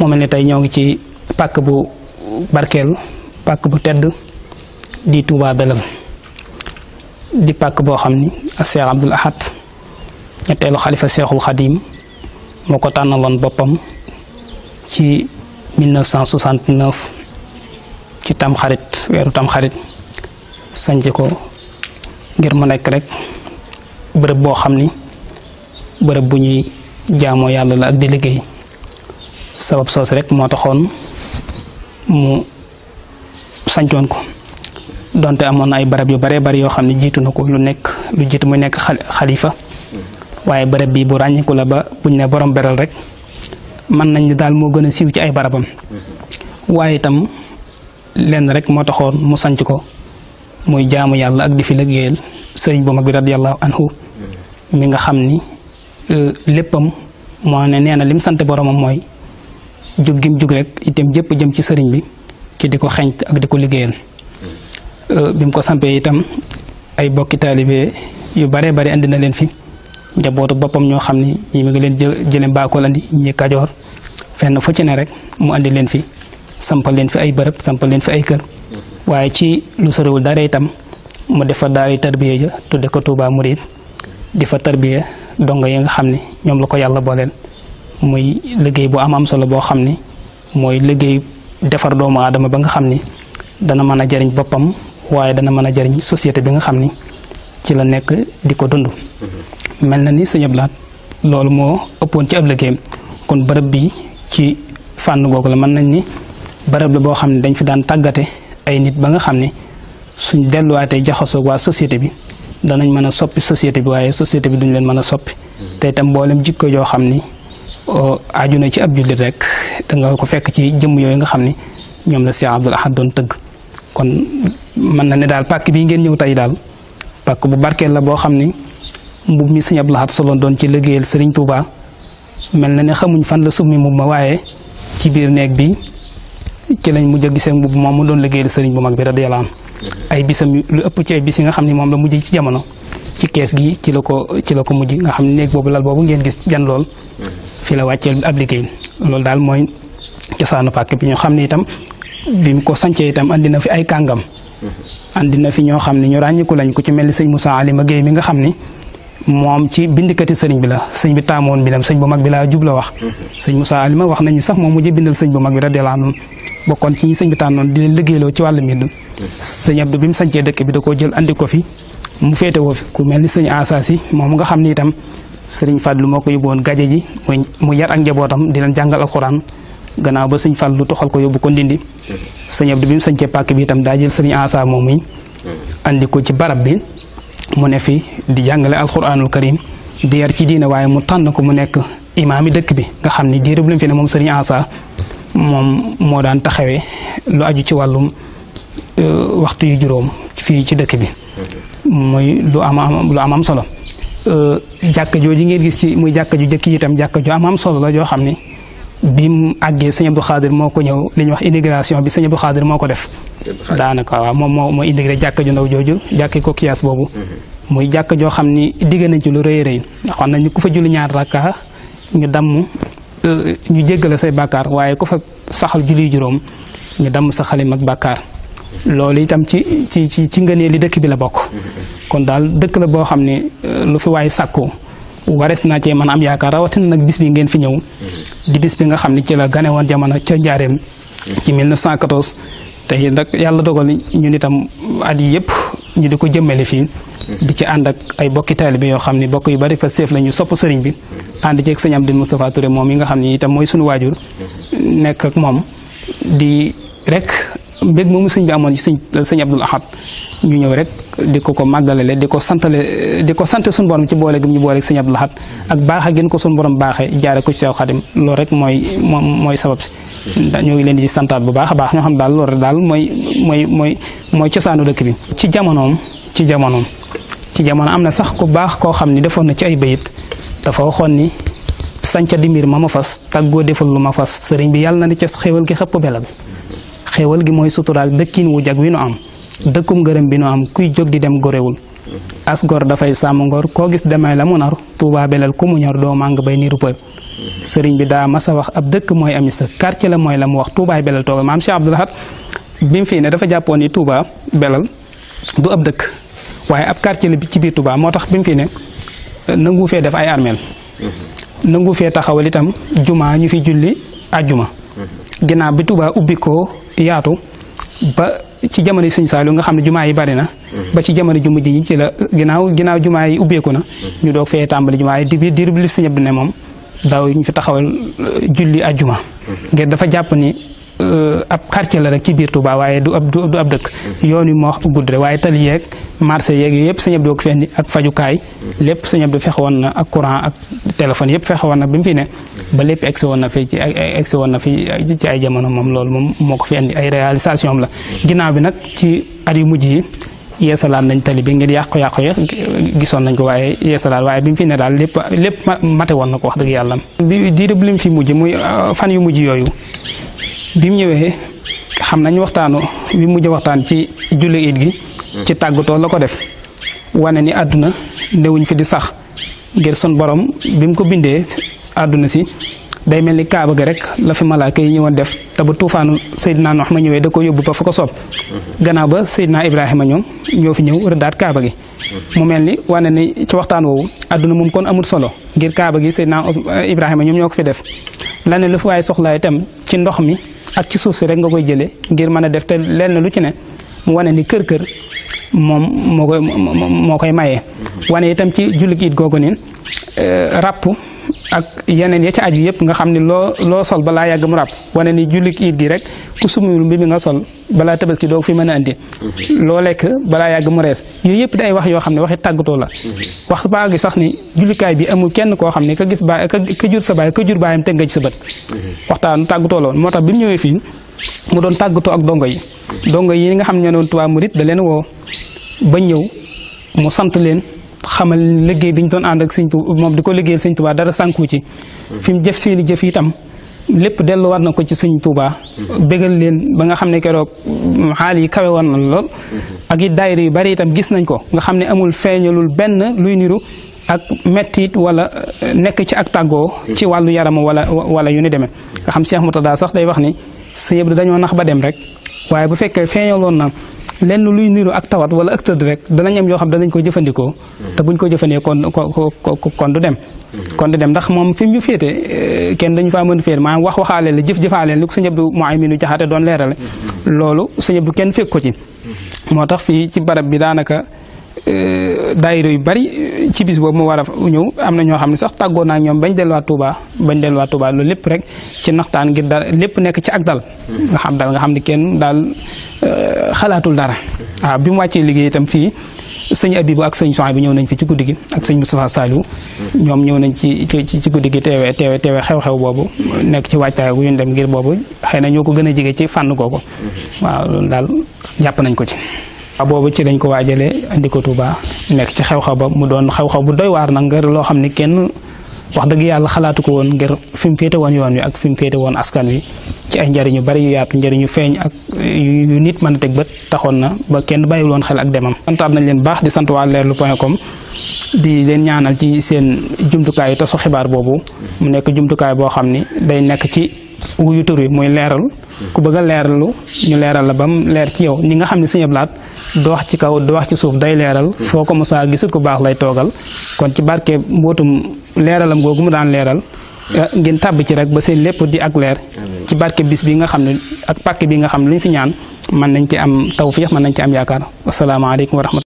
mo melni tay tey ñoo ci pak bu barkel pak bu tedd di Touba belam di pak hamni xamni Cheikh abdul Ahad ñetteelu khalifa Cheikhul Khadim moko tanalon bopam ci 1969 ci tam xarit wéru tam xarit hamni ko ngir mu nek rek bo xamni bu ñuy jaamo yalla la ak di liggéey sabab soos rek moo taxoon mu sancoon ko donte amoon na ay barab yu bare bari yoo xam ne jiitu na ko lu nekk lu jiitu muy nekk xalifa waaye barab bii bu ràññiku la ba buñ ne boroom beral rek mën nañ ne daal moo gën a siiw ci ay barabam waaye itam lenn rek moo taxoon mu sanc ko muy jaamu yàlla ak di fi liggéeyal sëriñ bu mag bi radiyallahu anhu mi nga xam ni euh, léppam moo ne nee na lim sant boromam mooy jug gim jug rek itam jëpp jëm ci sëriñ bi ci di ko xeñt ak di ko liggéeyal euh, bi mu ko sampee itam ay bokki taalibe yu bare bare indi na leen fi njabootu boppam ñoo xam ni ñi mu ngi leen jële mbaakool andi ñi kajoor fenn fu ci ne rek mu andi leen fi sampal leen fi ay bërëb sampal leen fi ay kër waaye ci lu sorewul dara itam mu defa daari tarbiya ja tudde ko Touba Mouride di fa tarbiya dongo yi nga xam ne ñoom la ko yàlla booleel mooy liggéey boo am am solo boo xam ni mooy liggéey defar doomu aadama ba nga xam ni dana mën a jariñ boppam waaye dana mën a jariñ société bi nga xam ni ci la nekk di ko dund. Mm-hmm. mel na ni Sëñ loolu moo ëppoon ci ab kon bërëb bi ci fànn googu la mën nañ ni bërëb la boo xam ne dañ fi daan tàggate ay nit ba nga xam ni suñ delluwaatee jaxasoo waa société bi danañ mën a soppi société bi waaye société bi duñ leen mën a soppi mm-hmm. te itam mboolem jikko joo xam ni. Uh, aju ci ab julit rek da nga ko fekk ci jëm yoy nga xamni ñom la Cheikh Abdoul Ahad don teug kon man na ne dal pak bi ngeen ñew tay dal pak bu barke la bo xamni mbu mi seigne Abdoul Ahad solo don ci liggéeyal Serigne Touba mel ne xamuñ fan la summi mbub ma waye ci keleni neeg bi ci lañ mu jëg gisee mbub moom mu don liggéeyal Serigne bu mag bi radiyallahu ay bisam lu ëpp ci ay bis nga xamni mom la mujj ci jamono ci kees gi ci la ko ci la ko mujj nga xam ne néeg boobu lal boobu ngeen gis jan lool fi la wàcceel ab liggéey loolu daal mooy cosaanu pàkk bi ñu xam ne itam bi ko sancee itam andi na fi ay kàngam andi na fi ñoo xam ne ñu ràññiku lañ ku ci mel ni sëñ Moussa Alima Guèye mi nga xam ni moom ci bindikati sëriñ bi la sëñ bi taamoon bindam sëñ bu mag bi laa jub la wax sëñ Moussa Alima wax nañu sax moo mujj bindal sëñ bu mag bi radiyallaahu anhu bokkoon ci ñi sëñ bi tànnoon di leen liggéeyloo ci wàll mbind sëñ Abdou bi mu sancee dëkk bi da koo jël andi ko fi mu féete woo ku mel ni sëñ Asasi moom nga xam ni itam sëriñ lu moo ko yóbbuwoon gaje ji mu yar ak njabootam di leen jàngal alxuraan gannaaw ba sëñ Fàllu toxal ko yóbbu ko ndindi sëñ Abdu bi mu sëñcee pàkk bi itam daa jël sëriñ Asa moom mi andi ko ci barab bi mu ne fi di jàngale alxuraanul karim di yar ci diine waaye mu tànn ko mu nekk imaami dëkk bi nga xam ni diirub lim fi ne moom sëriñ Asa moom moo daan taxawee lu aju ci wàllum euh, waxtu yu juróom fii ci dëkk bi. mooy lu am am lu am am solo euh, jàkka jooju ngeen gis ci muy jàkka ju jëkk itam jàkka ju am solo la joo xam ni bi àggee sëñ Abdou Khadir moo ko ñëw li ñuy wax intégration bi sëñ Abdou Khadir moo ko def. daanaka moom moo moo intégré jàkka ju ndaw jooju jàkki ko kiyaas boobu. Mm-hmm. muy jàkka joo xam ni digg nañ ci lu rëy rey xam nañ ku fa julli ñaar rakka euh, ñu damm ñu jéggale say bàkkaar waaye ku fa saxal julli juróom ñu damm sa xalim ak bàkkaar. loolu itam ci ci ci ci ngënee li dëkk bi la bokk kon daal dëkk la boo xam ne euh, lu fi waay sàkku warees naa cee mën a am yaakaar rawatina nag bis bi ngeen fi ñëw di bis bi nga xam ne ci la gane woon jamono ca njaareem ci 1914 te nag yàlla dogal ñun itam at yi yëpp ñu di ko jëmmale fii di ci ànd ak ay bokki taalibe yoo xam ne bokk yu bari fa seef la ñu sopp sëriñ bi ànd ci ak sëñ Abdou Moustapha Touré moom yi nga xam ne itam mooy suñu waajur nekk ak moom di rek mbég moomu sëñ bi amoon sëñ sëñ Abdul Ahad ñu ñëw rek di ko ko màggale màggalale di ko santale di ko sant suñ borom ci boole gi ñu boole sëñ Abdul Ahad ak baaxe gën ko suñu borom baaxe jaare ko ci sew xadim loolu rek mooy moom mooy sabab si ñoo ngi leen di santaat bu baax a baax ñoo xam daal loolu daal mooy mooy mooy mooy cosaanu dëkk bi ci jamonoom ci jamonoom ci jamono am na sax ku baax koo xam ni defoon na ci ay bayit dafa waxoon ni sanca di miir ma ma fas tàggoo deful lu ma fas sëriñ bi yàlla na ni ca xéwal gi xëpp bela xéewal gi mooy suturaal dëkkin wu jag wi nu am dëkkum ngërëm bi nu am kuy jóg di dem gorewul as gor dafay sàmm ngor koo gis demee la mu nar tuubaa belal ku mu ñor doo màng bay niru pël sëriñ bi daa mas a wax ab dëkk mooy ami sa quartier la mooy la mu wax tuubaay belal toogal maam Cheikh Abdoul Ahad bi mu fii ne dafa jàppoon ni tuubaa belal du ab dëkk waaye ab quartier la ci biir Touba moo tax bi mu fi ne nangu fee def ay armeel mhm. nangu fee taxawal itam juma ñu fi ginnaaw bi Touba ubbi ko yaatu ba ci jamono sëñ Saliou nga xam ne jumaa yi bari na mhm. ba ci jamono ju mujj ci la ginnaaw ginnaaw jumaa yi ubbeeku na mhm. ñu doog fee tàmbali jumaa yi di biir diirub li sëñ ne moom daaw ñu fi taxawal eh, julli ajjuma mhm. ngir dafa jàpp ni Euh, ab quartier la rek ci biir Touba waaye du ab du ab dëkk yoon wi moo gudd rek waaye tali yeeg marché yeeg yooyu yëpp Sëñ Abdou ko fenni ak fajukaay lépp Sëñ Abdou fexe woon na ak courant ak téléphone yëpp fexe woon na bi fi ne ba lépp egsi woon na fi ci egsi woon na fi ci ay jamono moom loolu moom moo ko fi indi ay réalisation la ginnaaw bi nag ci at yu mujj yi yeesalaat nañ tali bi ngir yàqu-yàqu yi gisoon nañ ko waaye yeesalaat waaye bi mu fi ne daal lépp lépp mate woon na ko wax dëgg yàlla diirëb lim fi mujj muy bi mu ñëwee xam nañ waxtaanu bi mujj waxtaan ci julli it gi hmm. ci tàggatoo la ko def wane ni àdduna ndewuñ fi di sax ngir sun borom bi mu ko bindee àdduna si day mel ni kaaba gi rek la fi malaaka yi ñëwoon def te ba tuufaanu Seydina Nuux ma ñëwee da ko yóbbu ba fa ko soob mhm. gannaaw ba Seydina Ibrahima ñoom ñoo fi ñëw rëddaat kaaba gi mhm. mu mel ni wane ni ci waxtaan woowu adduna moom kon amul solo ngir kaaba gi Seydina Ibrahima ñoom ñoo ko fi def lane lu fi waaye soxlaa itam ci ndox mi ak ci suuf si rek nga koy jëlee ngir mën a def te lenn lu ci ne mu wane ni kër kër moom moo koy moo koy maye mhm. wane itam ci jullit it googu niin euh, ràpp ak yeneen ya ca aju yëpp nga xam ne loo loo sol balaa yàgg mu ràpp wane ni julli iid gi rek ku sumul mbi mi nga sol balaa ki doog fi mën a andi mhm. loo lekk balaa yàgg mu rees yooyu yëpp day wax yoo xam ne waxi tàggatoo la mhm. wax baa gi sax ni jullikaay bi amul kenn koo xam ne ka gis baa ka jur sa baay ka jur baayam teg nga ci sa bët mhm. waxtaan tàggatoo la woon moo tax bi mu ñëwee fii mu doon tàggatoo ak dongo yi dongo yi nga xam ne ñoo ne woon Touba da leen woo ba ñëw xamal liggéey bi ñu doon ànd ak sëñ moom di ko liggéeyal sëñ Tuubaa dara sànku ci hmm. fi mu jëf seeni jëf tam lépp delluwaat na ko ci sëñ Tuubaa hmm. bégal leen ba nga xam ne keroog xaal yi kawe war na lool hmm. ak it daayira yu bari tam gis nañ ko nga xam ne amul feeñalul benn luy niru ak mettit wala euh, nekk ci ak tàggoo ci wàllu yaram wala wala yu ni demee nga xam moto daa sax day wax ni sëñ Abdou dañoo nax ba dem rek waaye bu fekkee feeñaloon na lenn luy niru ak tawat wala ak tëdd rek danañ am yoo xam danañ ko jëfandikoo mhm. te buñ ko jëfandikoo kon ko kon du dem mhm. kon du dem ndax moom fi mu féete eh, kenn dañu fa mën féete maanaam wax waxaale la jëf jëfaale li ko sëñ Abdou Mouhaïminou Diakhaté doon leerale mhm. loolu sëñ Abdou kenn fekk ko ci moo tax fii ci barab bi daanaka eh, daayira yu bari ci bis boobu mu war a ñëw am na ñoo xam ne sax tàggoo naa ñoom bañ delluwaat Touba bañ delluwaat Touba loolu lépp rek ci naxtaan ngir dara lépp nekk ci ak dal nga xam dal nga xam ne kenn daal euh, xalaatul dara waaw bi mu wàccee liggéey tam fii sëñ Abibu ak sëñ Soxay bi ñëw nañ fi ci guddi ak sëñ Moustapha Saliou ñoom ñëw nañ ci ci ci guddi gi teewe teewe xew-xew boobu nekk ci waajtaay gu ñu dem ngir boobu xëy na ñoo ko gën a jege ci fànn googu waaw loolu daal jàpp nañ ko ci boobu ci lañ ko waajalee andi ko Touba nekk ci xew-xew ba mu doon xew-xew bu doy waar nag ngir loo xam ne kenn wax dëgg yàlla xalaatu ko woon ngir fi mu féete woon yoon wi ak fi mu féete woon askan wi ci ay njëriñu bari yu yaatu njëriñu feeñ ak yu nit mën a teg ba taxoon na ba kenn bàyyiwul woon xel ak demam. santaat nañ leen baax di sant waa leerlu point com di leen ñaanal ci seen jumtukaay tasu xibaar boobu mu nekk jumtukaay boo xam ni day nekk ci. wuyu tur wi muy leeral ku bëgg a leeralu ñu leeral la ba mu leer ci yow ñi nga xam ne sëñ Abdu laat du ci kaw du ci suuf day leeral foo ko mosaa gisul ku baax lay toogal kon ci barke mbootum leeralam googu mu daan leeral eh, ngeen tàbb ci rek ba seen lépp di ak leer ci barke bis bi nga xam ne ak pàkk bi nga xam ne lu fi ñaan mën nañ ci am taw tawfiix mën nañ ci am yaakaar wasalaamaaleykum wa rahmatulah